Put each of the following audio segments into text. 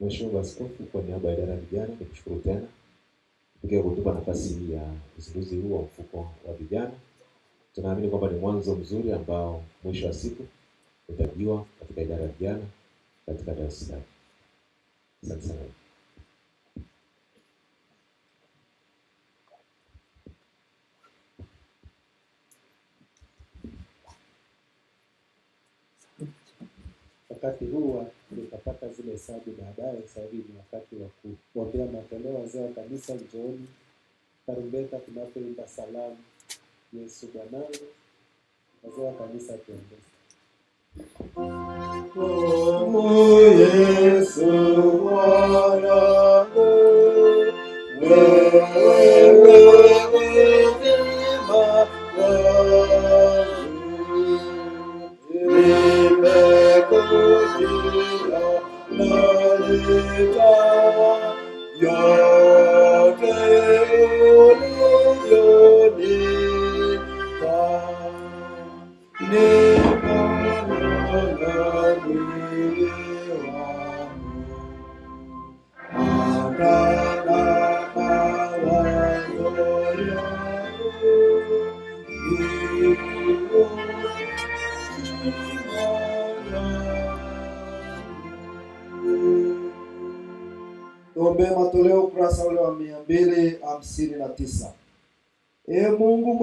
Mheshimiwa Baba Askofu, kwa niaba ya idara ya vijana nikushukuru tena kupitia kutupa nafasi hii ya uzinduzi huu wa mfuko wa vijana. Tunaamini kwamba ni mwanzo mzuri ambao mwisho wa siku utajiwa katika idara ya vijana katika taasisi yake. Asante sana. Wakati huu wa nikapata zile hesabu baadaye. sahivi ni wakati wa kuombea matoleo, wazee wa kanisa njooni, tarumbeta tunapoimba salamu Yesu Bwanangu, wazee wa kanisa tuongeze Yesu Bwanangu, Yahweh.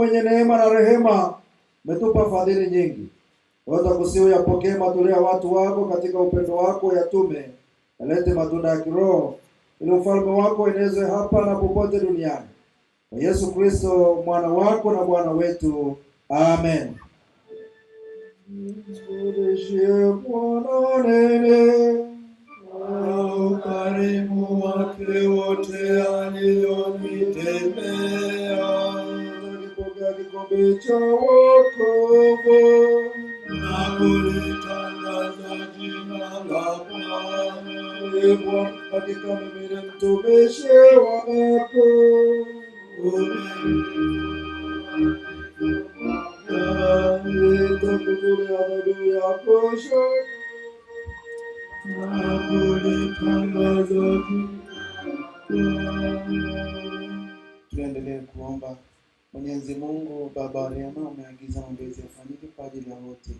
mwenye neema na rehema umetupa fadhili nyingi. Watakusihi yapokee matoleo ya watu wako katika upendo wako, yatume yalete matunda ya kiroho, ili ufalme wako enezwe hapa na popote duniani, kwa Yesu Kristo mwana wako na Bwana wetu, amen. Bwana nene na ukarimu wake wote Nabi chawo kobo Nakuli tangaza jina la Bwana Bwana hakika mimi mtumishi wako Nakuli tangaza jina Mwenyezi Mungu Baba wa rehema, umeagiza maombezi yafanyike kwa ajili ya wote.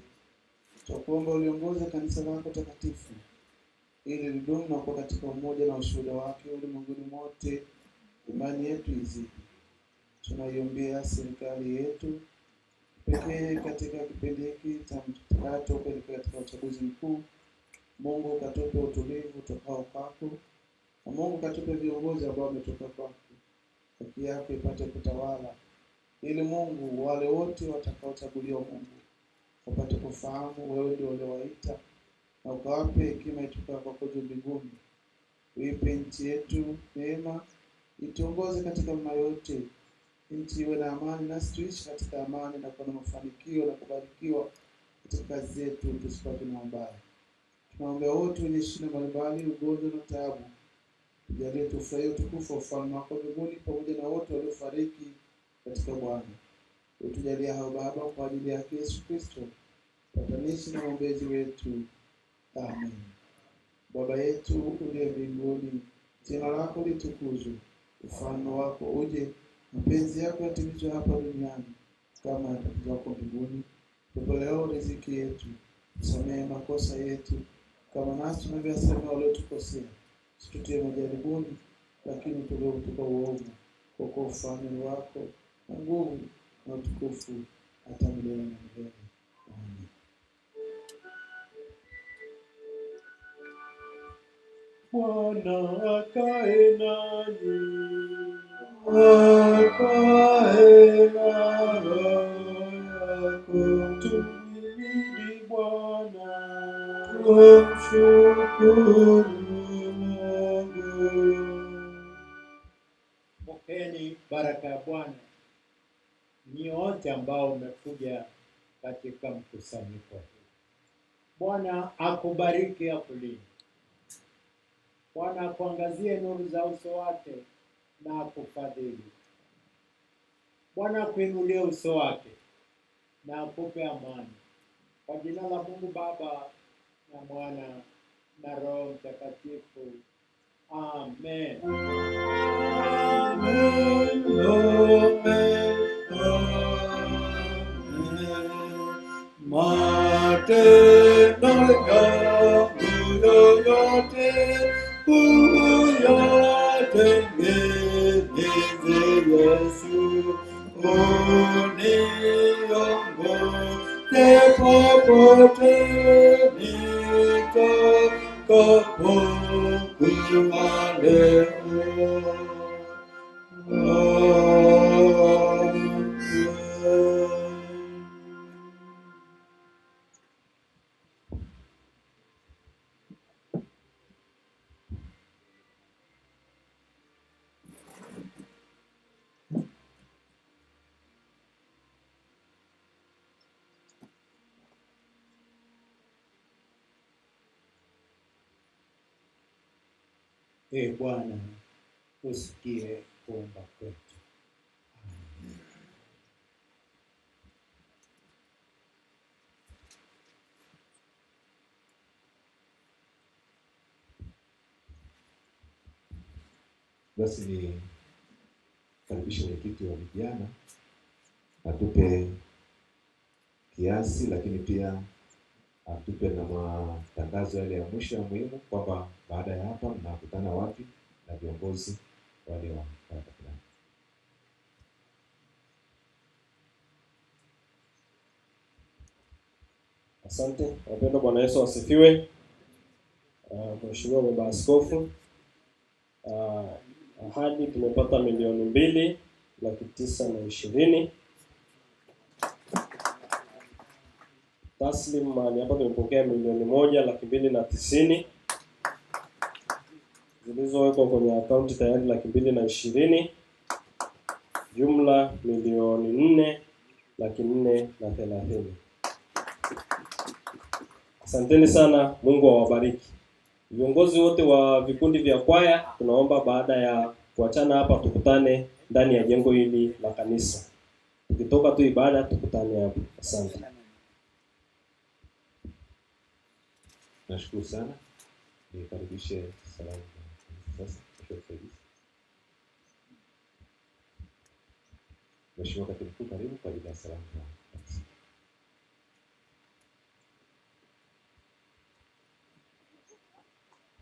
Tukuomba uliongoze kanisa lako takatifu ili lidumu na kuwa katika umoja na ushuhuda wake ulimwenguni mote, imani yetu izidi. Tunaiombea serikali yetu pekee katika kipindi hiki cha mchakato kuelekea katika uchaguzi mkuu. Mungu ukatupe utulivu utokao kwako, na Mungu katupe viongozi ambao wametoka kwako, haki yako ipate kutawala ili Mungu wale wote watakaochaguliwa Mungu wapate kufahamu wewe ndio uliowaita na ukawape hekima itokayo kwako juu mbinguni. Uipe nchi yetu neema, ituongoze katika mema yote, nchi iwe na amani, nasi tuishi katika amani na kuwa na mafanikio na kubarikiwa katika kazi zetu, tusipate na mabaya. Tunaombea wote wenye shida mbalimbali, ugonjwa na taabu, tujalie tufurahie utukufu wa ufalme wako mbinguni, pamoja na wote waliofariki katika Bwana. Utujalie hao Baba, kwa ajili ya Yesu Kristo, patanishi na mwombezi wetu. Amen. Baba yetu uliye mbinguni, jina lako litukuzwe, ufalme wako uje, mapenzi yako yatimizwe hapa duniani kama yatimikwako mbinguni. Tupe leo riziki yetu, tusamehe makosa yetu kama nasi tunavyowasamehe waliotukosea, situtie majaribuni, lakini tutoe kutoka uovu, kwa kuwa ufalme wako na nguvu na utukufu hata milele na milele. Amen. Bwana akae nanyi, akae na roho yako. Tumhimidi Bwana, tumshukuru ambao umekuja katika mkusanyiko huu. Bwana akubariki, akulinde. Bwana akuangazie nuru za uso wake na akufadhili. Bwana akuinulie uso wake na akupe amani. Kwa jina la Mungu Baba na Mwana na Roho Mtakatifu, amen. Amen. Amen. மாட்டு நோயாட்டு பூயாட்டு நேசு ஓனியோங்கோ தேபோட்டு நீக்கோ கோ பூமாடே ஓ Ee Bwana, usikie kuomba kwetu. Basi ni karibisha mwenyekiti wa vijana atupe kiasi, lakini pia tupe na matangazo yale ya mwisho ya muhimu, kwamba baada ya hapa mnakutana wapi na viongozi wale wa kata fulani. Asante wapendwa, Bwana Yesu asifiwe. Uh, Mheshimiwa Baba Askofu, uh, ahadi tumepata milioni mbili laki tisa na ishirini taslim mahali hapa tumepokea milioni moja laki mbili na tisini zilizowekwa kwenye akaunti tayari laki mbili na ishirini jumla milioni nne laki nne na thelathini. Asanteni sana, Mungu awabariki. Viongozi wote wa vikundi vya kwaya, tunaomba baada ya kuachana hapa tukutane ndani ya jengo hili la kanisa. Tukitoka tu ibada tukutane hapo. Asante. na Esclusana, né? e para o é será uma é acho que foi isso. Mas tinha uma culpa ali, não pode dar será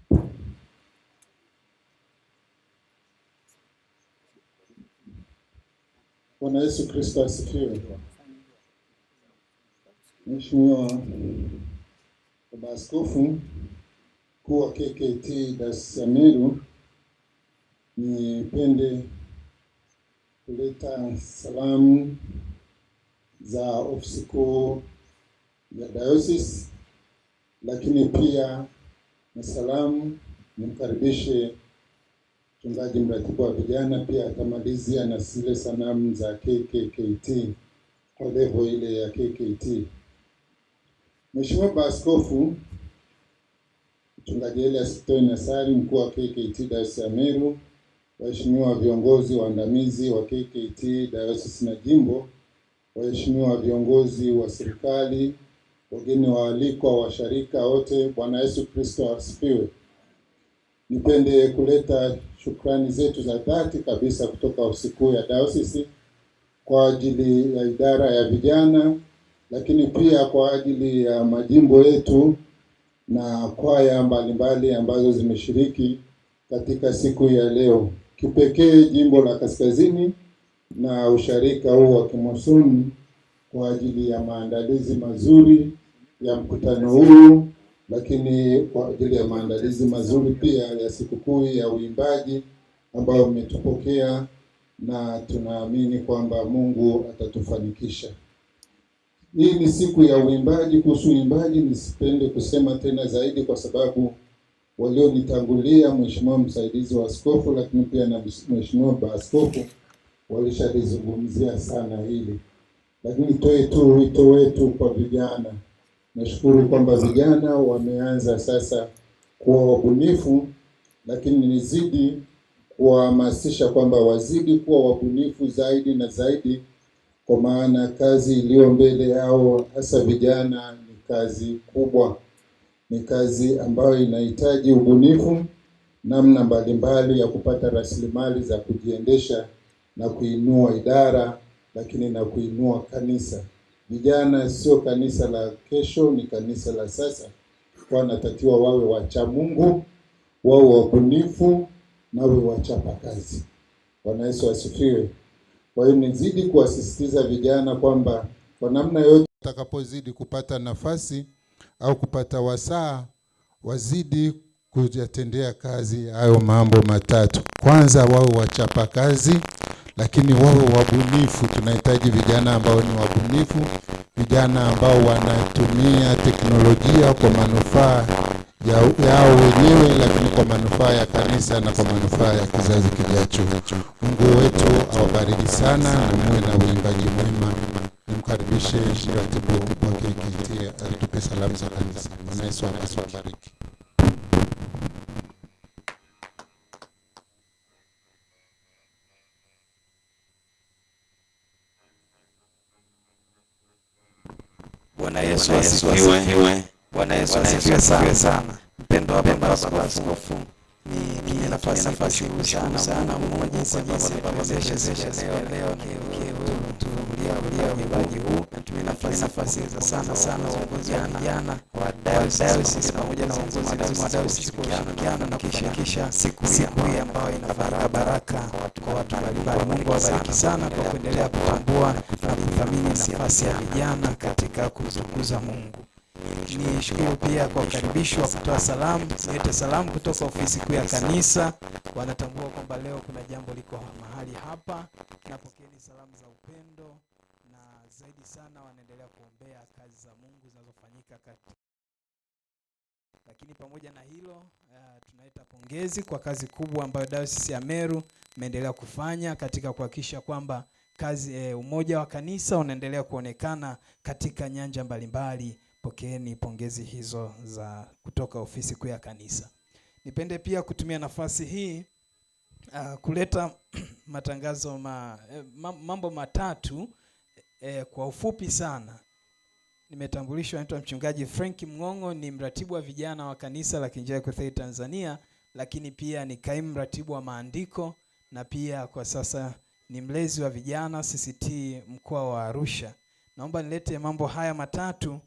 Cristo Bwana Yesu Kristo asifiwe. Mheshimiwa Baba Askofu Mkuu wa KKKT Damiru, nipende kuleta salamu za ofisi kuu ya dayosisi, lakini pia na salamu nimkaribishe mchungaji mratibu wa vijana, pia atamalizia na zile sanamu za KKKT kwa levo ile ya KKKT. Mheshimiwa Baskofu Askofu Mchungaji Elias Nasari, mkuu wa kkt Dayosisi ya Meru, waheshimiwa viongozi waandamizi wa kkt Dayosisi na Jimbo, waheshimiwa viongozi wa serikali, wageni waalikwa, washarika wote, Bwana Yesu Kristo asifiwe. Nipende kuleta shukrani zetu za dhati kabisa kutoka ofisi kuu ya Dayosisi kwa ajili ya idara ya vijana lakini pia kwa ajili ya majimbo yetu na kwaya mbalimbali ambazo zimeshiriki katika siku ya leo. Kipekee jimbo la kaskazini na usharika huu wa Kimosoni kwa ajili ya maandalizi mazuri ya mkutano huu, lakini kwa ajili ya maandalizi mazuri pia ya sikukuu ya uimbaji ambayo umetupokea na tunaamini kwamba Mungu atatufanikisha. Hii ni siku ya uimbaji. Kuhusu uimbaji nisipende kusema tena zaidi, kwa sababu walionitangulia, mheshimiwa msaidizi wa askofu, lakini pia na mheshimiwa baaskofu walishalizungumzia sana hili, lakini toe tu wito wetu kwa vijana. Nashukuru kwamba vijana wameanza sasa kuwa wabunifu, lakini nizidi kuwahamasisha kwamba wazidi kuwa wabunifu zaidi na zaidi kwa maana kazi iliyo mbele yao, hasa vijana, ni kazi kubwa, ni kazi ambayo inahitaji ubunifu, namna mbalimbali ya kupata rasilimali za kujiendesha na kuinua idara, lakini na kuinua kanisa. Vijana sio kanisa la kesho, ni kanisa la sasa. Wanatakiwa wawe wacha Mungu, wawe wabunifu na wawe wachapa kazi. Bwana Yesu asifiwe. Kwa hiyo nizidi kuwasisitiza vijana kwamba kwa namna yote watakapozidi kupata nafasi au kupata wasaa, wazidi kuyatendea kazi hayo mambo matatu. Kwanza, wawe wachapa kazi, lakini wawe wabunifu. Tunahitaji vijana ambao ni wabunifu vijana ambao wanatumia teknolojia kwa manufaa yao wenyewe, lakini kwa manufaa ya kanisa na kwa manufaa ya kizazi kijacho. Mungu wetu awabariki sana na muwe na uimbaji mwema. Nimkaribishe mratibu wa KKKT atupe salamu za kanisa. Bwana Yesu akasiwabariki. Bwana Yesu asifiwe. Bwana Yesu asifiwe sana. sana. Mpendo wa Baba Askofu, ni ni nafasi nafasi sana sana kwa jinsi ambavyo amewezesha leo leo kutulia ulia uimbaji huu na tumia nafasi nafasi za sana sana kuongozana jana wa dayosisi pamoja na uongozi wa dayosisi kushirikiana na kisha kisha siku hii ambayo ina baraka kwa watu wa Mungu Wabariki sana kwa kuendelea kutambua kuthamini nafasi ya vijana katika kumtukuza Mungu. Nishukuru pia kwa ukaribisho wa kutoa salamu, nilete salamu kutoka ofisi kuu ya kanisa. Wanatambua kwamba leo kuna jambo liko mahali hapa, napokeeni salamu za upendo na zaidi sana wanaendelea kuombea kazi za Mungu zinazofanyika kati lakini pamoja na hilo uh, eh, tunaleta pongezi kwa kazi kubwa ambayo Dayosisi ya Meru imeendelea kufanya katika kuhakikisha kwamba kazi e, umoja wa kanisa unaendelea kuonekana katika nyanja mbalimbali. Pokeeni pongezi hizo za kutoka ofisi kuu ya kanisa. Nipende pia kutumia nafasi hii uh, kuleta matangazo eh, ma, mambo matatu eh, kwa ufupi sana. Nimetambulishwa, naitwa mchungaji Frank Mng'ong'o, ni mratibu wa vijana wa kanisa la Kiinjili Kilutheri Tanzania, lakini pia ni kaimu mratibu wa maandiko na pia kwa sasa ni mlezi wa vijana CCT mkoa wa Arusha. Naomba nilete mambo haya matatu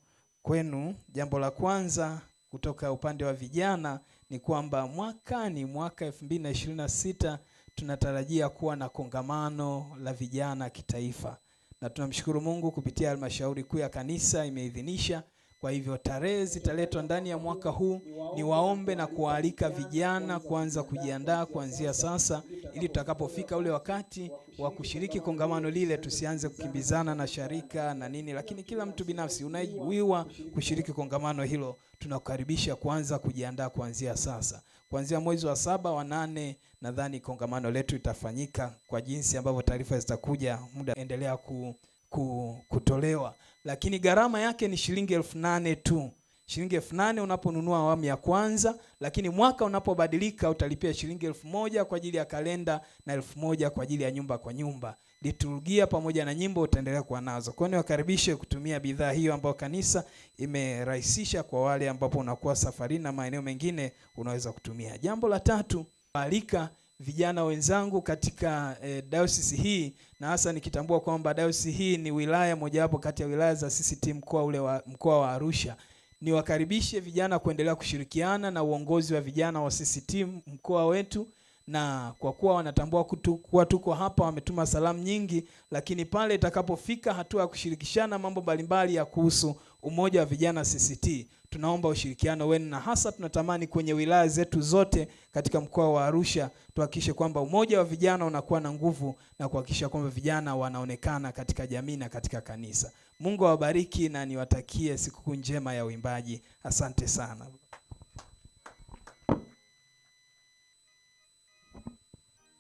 kwenu. Jambo la kwanza kutoka upande wa vijana ni kwamba mwakani, mwaka 2026 tunatarajia kuwa na kongamano la vijana kitaifa, na tunamshukuru Mungu kupitia halmashauri kuu ya kanisa imeidhinisha kwa hivyo tarehe zitaletwa ndani ya mwaka huu. ni waombe na kuwaalika vijana kuanza kujiandaa kuanzia sasa, ili tutakapofika ule wakati wa kushiriki kongamano lile, tusianze kukimbizana na sharika na nini, lakini kila mtu binafsi unayewiwa kushiriki kongamano hilo, tunakukaribisha kuanza kujiandaa kuanzia sasa. Kuanzia mwezi wa saba wa nane, nadhani kongamano letu itafanyika. Kwa jinsi ambavyo taarifa zitakuja, muda endelea ku, ku, kutolewa lakini gharama yake ni shilingi elfu nane tu shilingi elfu nane unaponunua awamu ya kwanza, lakini mwaka unapobadilika utalipia shilingi elfu moja kwa ajili ya kalenda na elfu moja kwa ajili ya nyumba kwa nyumba. Liturujia pamoja na nyimbo utaendelea kuwa nazo. kwao niwakaribishe kutumia bidhaa hiyo ambayo kanisa imerahisisha kwa wale ambapo unakuwa safarini na maeneo mengine unaweza kutumia. Jambo la tatu, alika vijana wenzangu katika e, eh, diocese hii na hasa nikitambua kwamba diocese hii ni wilaya mojawapo kati ya wilaya za CCT mkoa ule wa mkoa wa Arusha. Niwakaribishe vijana kuendelea kushirikiana na uongozi wa vijana wa CCT mkoa wetu, na kwa kuwa wanatambua kutu, kuwa tuko hapa, wametuma salamu nyingi, lakini pale itakapofika hatua ya kushirikishana mambo mbalimbali ya kuhusu umoja wa vijana CCT tunaomba ushirikiano wenu, na hasa tunatamani kwenye wilaya zetu zote katika mkoa wa Arusha tuhakikishe kwamba umoja wa vijana unakuwa na nguvu na kuhakikisha kwamba vijana wanaonekana katika jamii na katika kanisa. Mungu awabariki na niwatakie sikukuu njema ya uimbaji. Asante sana.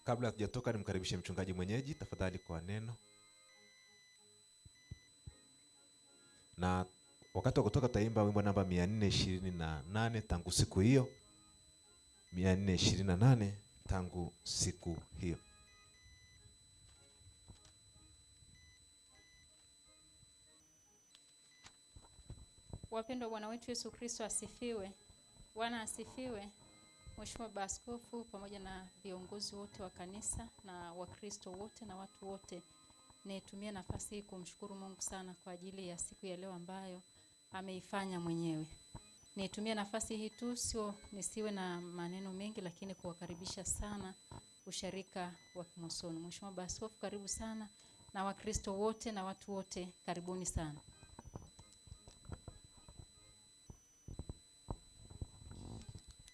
Kabla hatujatoka nimkaribishe mchungaji mwenyeji tafadhali kwa neno na Wakati wa kutoka taimba wimbo namba 428 tangu siku hiyo. 428 tangu siku hiyo. Wapendwa, Bwana wetu Yesu Kristo asifiwe. Bwana asifiwe. Mheshimiwa Baskofu pamoja na viongozi wote wa kanisa na Wakristo wote na watu wote, nitumie nafasi hii kumshukuru Mungu sana kwa ajili ya siku ya leo ambayo ameifanya mwenyewe. Nitumie nafasi hii tu, sio nisiwe na maneno mengi, lakini kuwakaribisha sana usharika wa Kimosoni. Mheshimiwa Baskofu, karibu sana na Wakristo wote na watu wote, karibuni sana.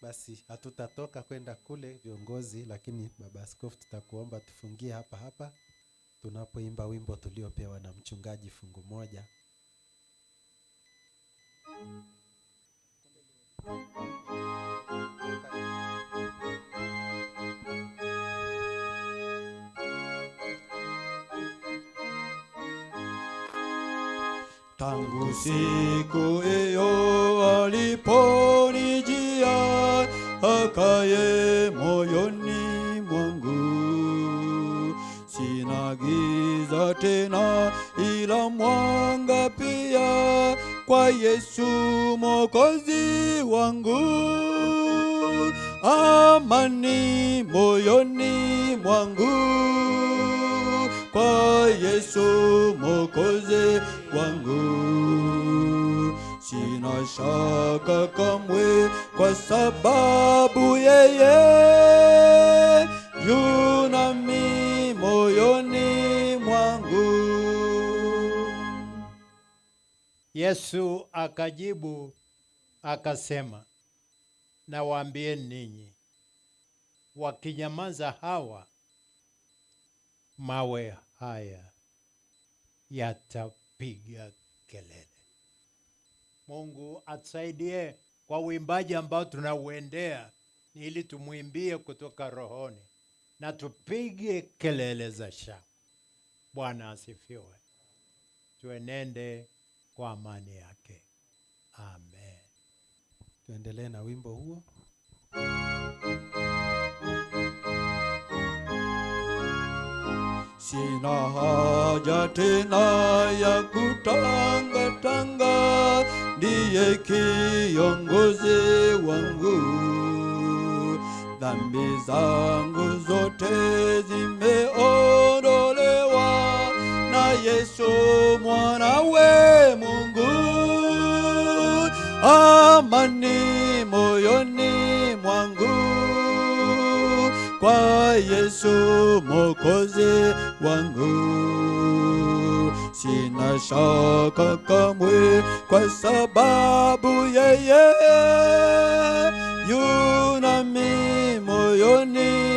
Basi hatutatoka kwenda kule viongozi, lakini baba askofu, tutakuomba tufungie hapa hapa tunapoimba wimbo tuliopewa na mchungaji fungu moja. 당구시구의요아리포니지아아카의모요 Yesu akajibu akasema, nawaambie ninyi, wakinyamaza hawa, mawe haya yatapiga kelele. Mungu atusaidie kwa uimbaji ambao tunauendea, ili tumwimbie kutoka rohoni na tupige kelele za shangwe. Bwana asifiwe. Tuenende kwa amani yake. Amen. Tuendelee na wimbo huo. Sina haja tena ya kutangatanga, ndiye kiongozi wangu. Dhambi zangu zote zimeondolewa Yesu mwana we Mungu, amani moyoni mwangu kwa Yesu Mwokozi wangu. Sina shaka kamwe, kwa sababu yeye yunami moyoni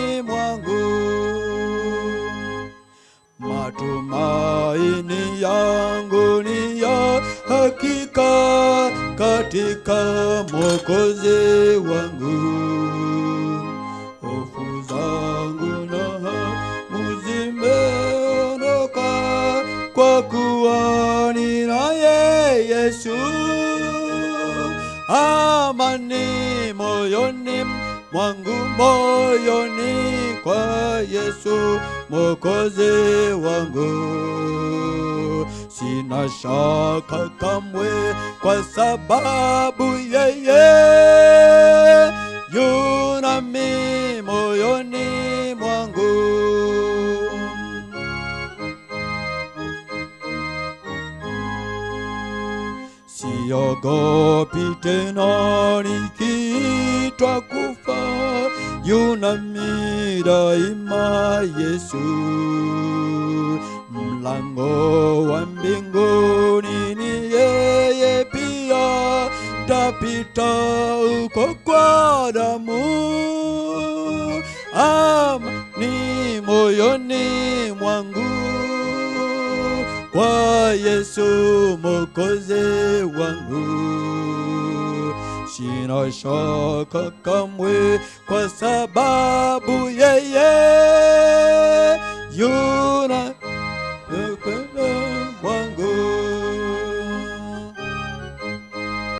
Tumaini yangu ni ya hakika katika Mwokozi wangu. Hofu zangu na hamu zimeondoka, kwa kuwa ninaye Yesu. Amani moyoni mwangu moyoni kwa Yesu Mwokozi wangu. Sina shaka kamwe, kwa sababu yeye yunami moyoni mwangu. Siogopi tena nikii twakufa yunami daima Yesu, mlango wa mbinguni ni yeye pia, tapita uko kwa damu, ni moyoni mwangu kwa Yesu mokoze wangu kinashoka kamwe, kwa sababu yeye yuna